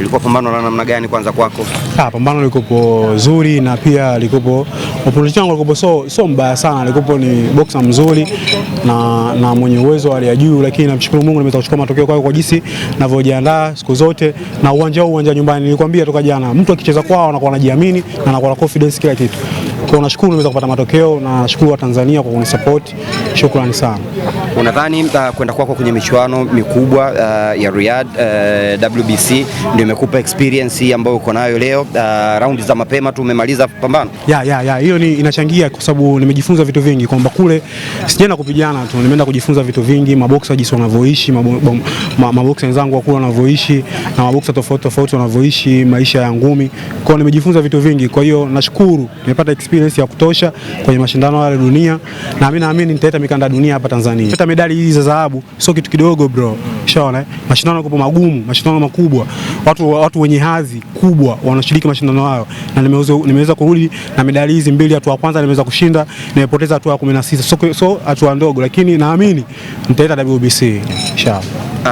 Ilikuwa pambano la namna gani kwanza kwako? Ah, pambano likopo zuri na pia likopo opponent wangu likopo so, so mbaya sana, likopo ni boxer mzuri na, na mwenye uwezo hali ya juu, lakini namshukuru Mungu nimeweza kuchukua matokeo kwao kwa jinsi ninavyojiandaa siku zote, na uwanja huu uwanja nyumbani, nilikwambia toka jana, mtu akicheza kwao anakuwa anajiamini na anakuwa na confidence kila kitu. Kwa hiyo nashukuru nimeweza kupata matokeo na nashukuru wa Tanzania kwa kunisupport. Shukrani sana. Unadhani uh, kwenda kwako kwenye michuano mikubwa uh, ya Riyadh uh, WBC ndio imekupa experience ambayo uko nayo leo uh, raundi za mapema tu umemaliza pambano? Ya ya ya, hiyo ni inachangia kwa sababu nimejifunza vitu vingi kwamba kule sijaenda kupigana tu, nimeenda kujifunza vitu vingi, maboksa jinsi wanavyoishi, maboksa wenzangu wakule wanavyoishi na maboksa tofauti tofauti wanavyoishi maisha ya ngumi. Kwa hiyo nimejifunza vitu vingi, kwa hiyo nashukuru nimepata experience ya kutosha kwenye mashindano ya dunia na mimi naamini nitaleta mikanda dunia hapa Tanzania kupata medali hizi za dhahabu sio kitu kidogo bro, shaona eh? Mashindano yako magumu, mashindano makubwa, watu, watu wenye hadhi kubwa wanashiriki mashindano hayo, na nimeweza kurudi na medali hizi mbili. Hatua ya kwanza nimeweza kushinda, nimepoteza hatua ya 16, so hatua ndogo, lakini naamini nitaenda WBC sha Uh,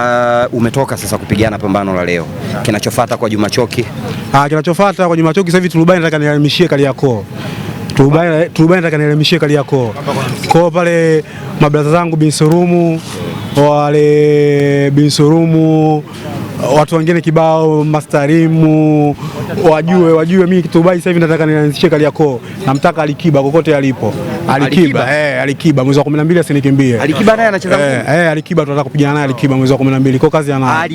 umetoka sasa kupigana pambano la leo, kinachofuata kwa Juma Choki? Ah, kinachofuata kwa Juma Choki sasa hivi turubai, nataka nihamishie Kariakoo. Turubai nataka nielemishie yako kwao pale, mabraza zangu Binsurumu, wale Binsurumu, watu wengine kibao, Mastarimu, wajue wajue, mimi Turubai sasa hivi nataka nianzishe Kariakoo, namtaka Alikiba kokote alipo Alikiba, Alikiba eh, mwezi wa 12 asinikimbie. Alikiba naye anacheza eh, eh, Alikiba tunataka kupigana naye Alikiba mwezi wa mbili kwa kazi anayo.